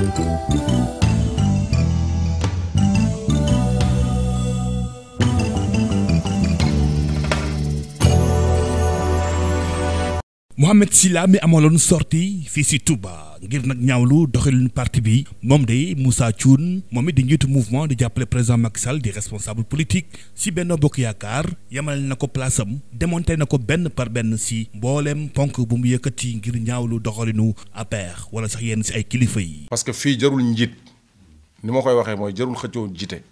Thank you. Mohamed Sylla mi amaloon sorti fii si Touba ngir nag ñaawlu doxalinu parti bi moom day Moussa Thioune moom it di njiitu mouvement di jàppale président Macky Sall di responsable politique si Benno Bokk Yaakaar yamal na ko place am démonté na ko benn par benn si mbooleem ponk bu mu yëkkati ngir ñaawlu doxalinu APR wala sax yenn si ay kilifa yi. parce que fii jarul njiit ni ma koy waxee mooy jërul xëccoo jiite.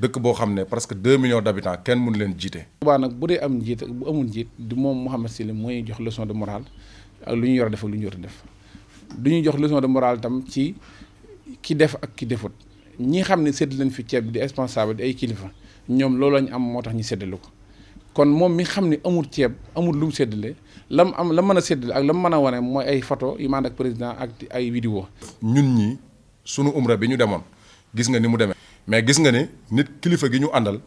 dëkk boo xam ne parce presque deux millions d'habitants kenn mënu leen jiite. Touba nag bu dee am njiit bu amul njiit di moom Mouhamed Sylla mooy jox leçon de morale ak lu ñu yor a def ak lu ñu def du ñu jox leçon de morale tam ci ki def ak ki defut ñi xam ne sédd leen fi ceeb bi di responsable di ay kilifa ñoom loolu lañu am moo tax ñu séddale ko kon moom mi xam ne amul ceeb amul lu mu séddale la mu am la mën a séddale ak la mu mën a wane mooy ay photo yu maan ak président ak ay vidéo ñun ñi sunu umra bi ñu demoon gis nga ni mu demee. mais gis nga ne nit kilifa gi ñu àndal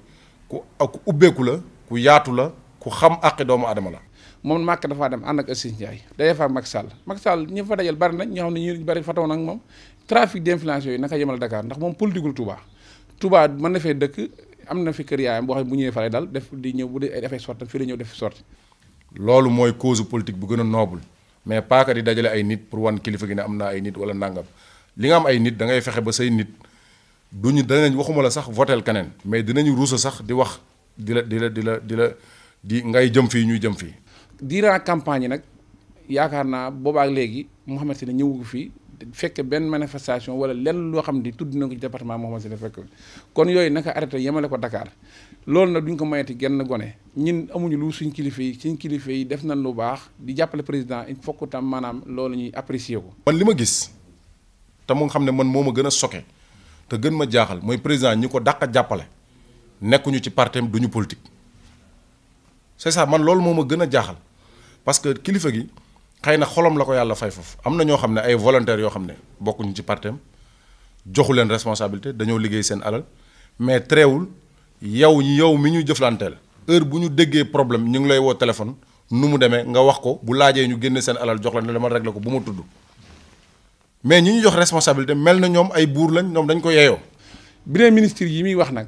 ku ku ubbeeku la ku yaatu la ku xam àqi doomu aadama la. moom màkk dafaa dem ànd ak Assis Ndiaye day fa Macky Sall Macky Sall ñi fa dajal bari nañ ñoo xam ne ñu bari fatoon ak moom trafic d'influence yooyu naka yemal dakaar ndax moom politikul Touba Touba mën na fee dëkk am na fi kër yaayam boo xam ne bu ñëwee fa lay dal def di ñëw bu dee ay defee sorte fii la ñëw def fi sorte loolu mooy cause politique bu gën a noble mais paaka di dajale ay nit pour wan kilifa gi ne am naa nit wala nangam li nga am ay nit da ngay fexe ba say nit du ñu danañ waxuma la sax votel keneen mais dinañu ruusa sax di wax di la di la di la di la di ngay jëm fii ñuy jëm fii. durant campagne yi nag yaakaar naa boobaak léegi si ne ñëwu fii fekke benn manifestation wala lenn loo xam ne tudd na ko ci département Mouhamed fekk kon yooyu naka arrêté yemale ko dakaar loolu nag duñ ko mayati genn gone ñin amuñu lu suñ kilifa yi suñ kilifa yi def nañ lu baax di jàppale président il faut que tam maanaam loolu ñuy apprécier ko. man li ma gis te mu xam ne man moo ma gën a soke te gën ma jaaxal mooy président ñi ko dàq jàppale nekkuñu ci partem duñu politique c'est ça man loolu moom ma gën a jaaxal parce que kilifa gi xëy na xolom la ko yàlla fay foofu am na ñoo xam ne ay volontaires yoo xam ne bokkuñu ci partem joxu leen responsabilité dañoo liggéey seen alal mais teewul yow yow mi ñu jëflanteel heure bu ñu déggee problème ñu ngi lay woo téléphone nu mu demee nga wax ko bu laajee ñu génne seen alal jox la ne dama réglé ko bu ma tudd mais ñi ñu jox responsabilité mel na ñoom ay buur lañ ñoom dañ ko yeeyoo. bi ne ministre yi muy wax nag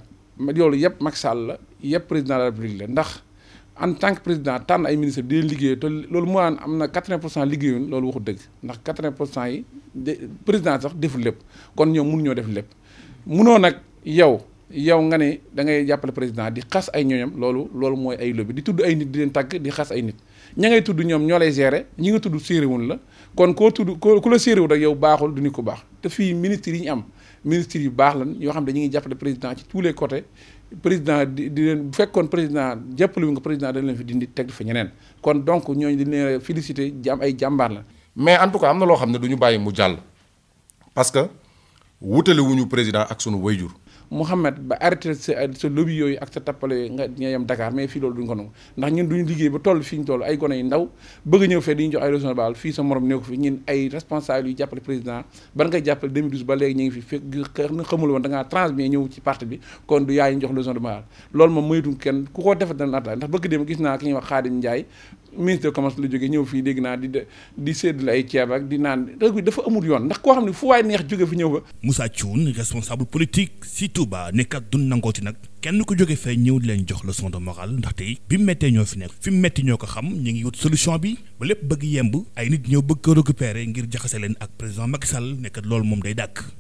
loolu yëpp Macky Sall la yëpp président de la République ndax en tant que président tànn ay ministre di liggéey te loolu mu naan am na 80 pour cent liggéeyuñ loolu waxu dëgg ndax 80 pour cent yi de président sax defu lépp kon ñoom mënuñoo def lépp munoo nag yow. yow nga ne dangay ngay jàppale président di xas ay ñooñam loolu loolu mooy ay lobby di tudd ay nit di leen tàgg di xas ay nit ña ngay tudd ñoom ñoo lay gérer ñi nga tudd séeréwun la kon koo tudd ko ku la séeréwu rek yow baaxul du ko baax te fii ministre yi ñu am ministre yu baax lan yoo xam ne ñu ngi jàppale président ci tous les côtés président di di fekkoon président jàppale wu nga président dañ leen fi dindi teg fa ñeneen kon donc ñooñu di leen félicité jàmm ay jàmbar la mais en tout cas am na loo xam ne du ñu bàyyi mu jàll parce que wutale président ak sunu wayjur Mouhamed ba arrêté sa lobby yooyu ak sa tappale yooyu nga nga yem Dakar mais fii loolu duñ ko nangu ndax ñun duñu liggéey ba toll fi ñu toll ay gone yu ndaw bëgg a ñëw fee fii sa morom néew ko fi ñun ay responsable yu jàppale président ban ngay jàppale 2012 ba léegi ñu ngi fi fekk na xamul woon da ngaa transmis ñëw ci parti bi kon du yaay ñu jox leçon de balle loolu moom moytuñ kenn ku ko defat dana attaay ndax bëgg dem gis naa ki ñuy wax Khadim Ndiaye ministre de commerce la jógee ñëw fii dégg naa di di séddale ay ceeb ak di naan rek dafa amul yoon ndax koo xam ne fu waay neex jóge fi ñëw ba. Moussa Thioune responsable politique si Touba nekkat du nangooti nag kenn ko jóge fee ñëw leen jox leçon de morale ndaxte bi mu méttee ñoo fi nekk fi mu métti ñoo ko xam ñu ngi wut solution bi ba lépp bëgg yemb ay nit ñëw bëgg ko récupérer ngir jaxase leen ak président Macky Sall nekkat loolu moom day dàkk.